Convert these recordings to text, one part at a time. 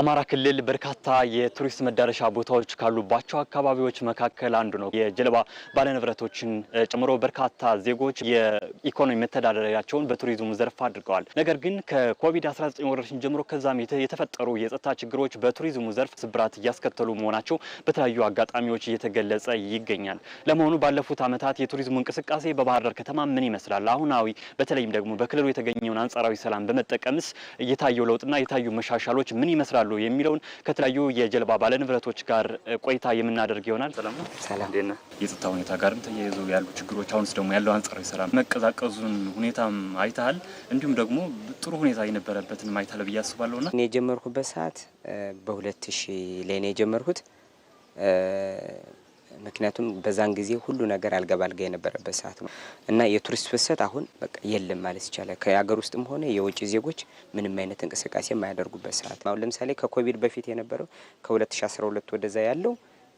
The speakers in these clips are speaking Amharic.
አማራ ክልል በርካታ የቱሪስት መዳረሻ ቦታዎች ካሉባቸው አካባቢዎች መካከል አንዱ ነው። የጀልባ ባለንብረቶችን ጨምሮ በርካታ ዜጎች የኢኮኖሚ መተዳደሪያቸውን በቱሪዝሙ ዘርፍ አድርገዋል። ነገር ግን ከኮቪድ-19 ወረርሽኝ ጀምሮ ከዛም የተፈጠሩ የጸጥታ ችግሮች በቱሪዝሙ ዘርፍ ስብራት እያስከተሉ መሆናቸው በተለያዩ አጋጣሚዎች እየተገለጸ ይገኛል። ለመሆኑ ባለፉት ዓመታት የቱሪዝሙ እንቅስቃሴ በባህር ዳር ከተማ ምን ይመስላል? አሁናዊ በተለይም ደግሞ በክልሉ የተገኘውን አንጻራዊ ሰላም በመጠቀምስ የታየው ለውጥና የታዩ መሻሻሎች ምን ይመስላል ይችላሉ የሚለውን ከተለያዩ የጀልባ ባለንብረቶች ጋር ቆይታ የምናደርግ ይሆናል። ሰላም ሰላም። የጸጥታ ሁኔታ ጋርም ተያይዞ ያሉ ችግሮች አሁንስ ደግሞ ያለው አንጻራዊ ሰላም መቀዛቀዙን ሁኔታም አይተሃል፣ እንዲሁም ደግሞ ጥሩ ሁኔታ የነበረበትንም አይተሃል ብዬ አስባለሁ። ና እኔ የጀመርኩበት ሰዓት በሁለት ሺህ ላይ ነው የጀመርኩት ምክንያቱም በዛን ጊዜ ሁሉ ነገር አልጋ ባልጋ የነበረበት ሰዓት ነው እና የቱሪስት ፍሰት አሁን በቃ የለም ማለት ይቻላል። ከሀገር ውስጥም ሆነ የውጭ ዜጎች ምንም አይነት እንቅስቃሴ የማያደርጉበት ሰዓት አሁን ለምሳሌ ከኮቪድ በፊት የነበረው ከ2012 ወደዛ ያለው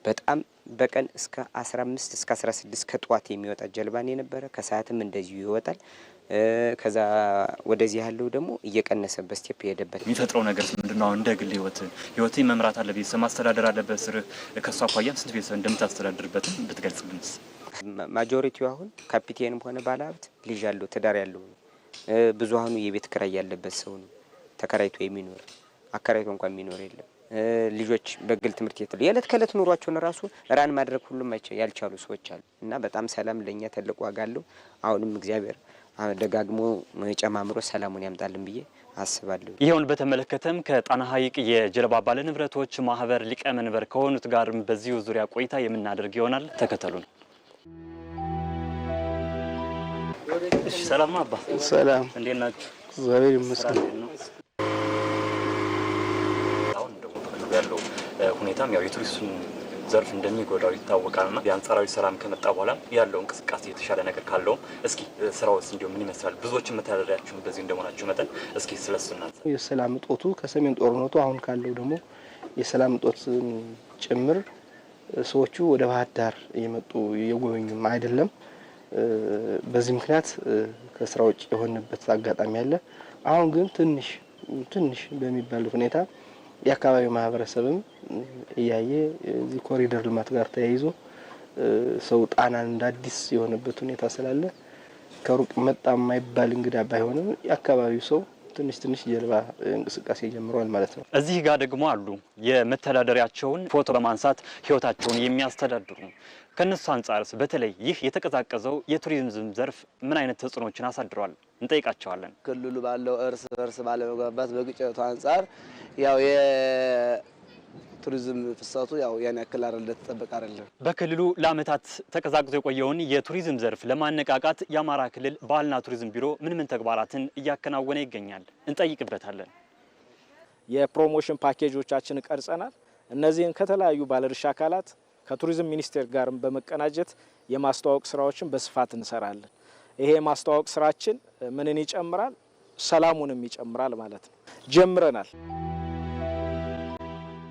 በጣም በቀን እስከ 15 እስከ 16 ከጠዋት የሚወጣ ጀልባን የነበረ ከሰዓትም እንደዚሁ ይወጣል። ከዛ ወደዚህ ያለው ደግሞ እየቀነሰ በስቴፕ የሄደበት የሚፈጥረው ነገር ምንድን ነው? እንደ ግል ህይወት ህይወት መምራት አለ፣ ቤተሰብ ማስተዳደር አለበት። ስር ከሱ አኳያም ስንት ቤተሰብ እንደምታስተዳድርበት እንድትገልጽልን። ማጆሪቲው አሁን ካፒቴንም ሆነ ባለሀብት ልጅ ያለው ትዳር ያለው ብዙሀኑ የቤት ክራይ ያለበት ሰው ነው ተከራይቶ የሚኖር አከራይቶ እንኳን የሚኖር የለም። ልጆች በግል ትምህርት ቤት የዕለት ከዕለት ኑሯቸውን ራሱ ራን ማድረግ ሁሉም ያልቻሉ ሰዎች አሉ እና በጣም ሰላም ለእኛ ትልቅ ዋጋ አለው። አሁንም እግዚአብሔር ደጋግሞ ጨማምሮ ሰላሙን ያምጣልን ብዬ አስባለሁ። ይኸውን በተመለከተም ከጣና ሐይቅ የጀልባ ባለንብረቶች ማህበር ሊቀመንበር ከሆኑት ጋርም በዚሁ ዙሪያ ቆይታ የምናደርግ ይሆናል። ተከተሉ ነው። ሰላም አባ፣ ሰላም እንዴት ናችሁ? እግዚአብሔር ይመስገን። ሁኔታም ያው የቱሪስቱን ዘርፍ እንደሚጎዳው ይታወቃል። ና የአንጻራዊ ሰላም ከመጣ በኋላ ያለው እንቅስቃሴ የተሻለ ነገር ካለውም እስኪ ውስጥ እንዲሁ ምን ይመስላል? ብዙዎች መተዳደሪያችሁ በዚህ እንደሆናችሁ መጠን እስኪ ስለሱና የሰላም እጦቱ ከሰሜን ጦርነቱ አሁን ካለው ደግሞ የሰላም እጦት ጭምር ሰዎቹ ወደ ባህር ዳር እየመጡ እየጎበኙም አይደለም። በዚህ ምክንያት ከስራ ውጭ የሆንበት አጋጣሚ አለ። አሁን ግን ትንሽ ትንሽ በሚባል ሁኔታ የአካባቢው ማህበረሰብም እያየ እዚህ ኮሪደር ልማት ጋር ተያይዞ ሰው ጣናን እንደ አዲስ የሆነበት ሁኔታ ስላለ ከሩቅ መጣ የማይባል እንግዳ ባይሆንም የአካባቢው ሰው ትንሽ ትንሽ ጀልባ እንቅስቃሴ ጀምረዋል ማለት ነው። እዚህ ጋር ደግሞ አሉ የመተዳደሪያቸውን ፎቶ በማንሳት ህይወታቸውን የሚያስተዳድሩ። ከእነሱ አንጻርስ በተለይ ይህ የተቀዛቀዘው የቱሪዝም ዘርፍ ምን አይነት ተጽዕኖዎችን አሳድሯል? እንጠይቃቸዋለን። ክልሉ ባለው እርስ በርስ ባለመግባባት በግጭቱ አንጻር ያው ቱሪዝም ፍሰቱ ያው ያን ያክል አረ ተጠበቀ አይደለም። በክልሉ ለአመታት ተቀዛቅዞ የቆየውን የቱሪዝም ዘርፍ ለማነቃቃት የአማራ ክልል ባህልና ቱሪዝም ቢሮ ምን ምን ተግባራትን እያከናወነ ይገኛል? እንጠይቅበታለን። የፕሮሞሽን ፓኬጆቻችን ቀርጸናል። እነዚህን ከተለያዩ ባለድርሻ አካላት ከቱሪዝም ሚኒስቴር ጋርም በመቀናጀት የማስተዋወቅ ስራዎችን በስፋት እንሰራለን። ይሄ የማስተዋወቅ ስራችን ምንን ይጨምራል? ሰላሙንም ይጨምራል ማለት ነው። ጀምረናል።